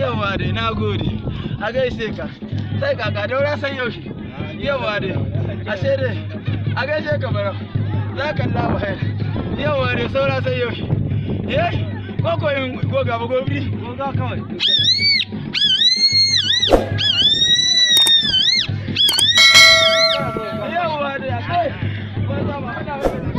yawa dai na gode a gaishe ka sai kaka daura san yaushe yawa dai ashe dai a gaishe ka barau za ka laba hayar yawa dai saura san yaushe yai eh, ko ko yin goga ba gobiri goga kawai yawa dai ashe ba za mu hana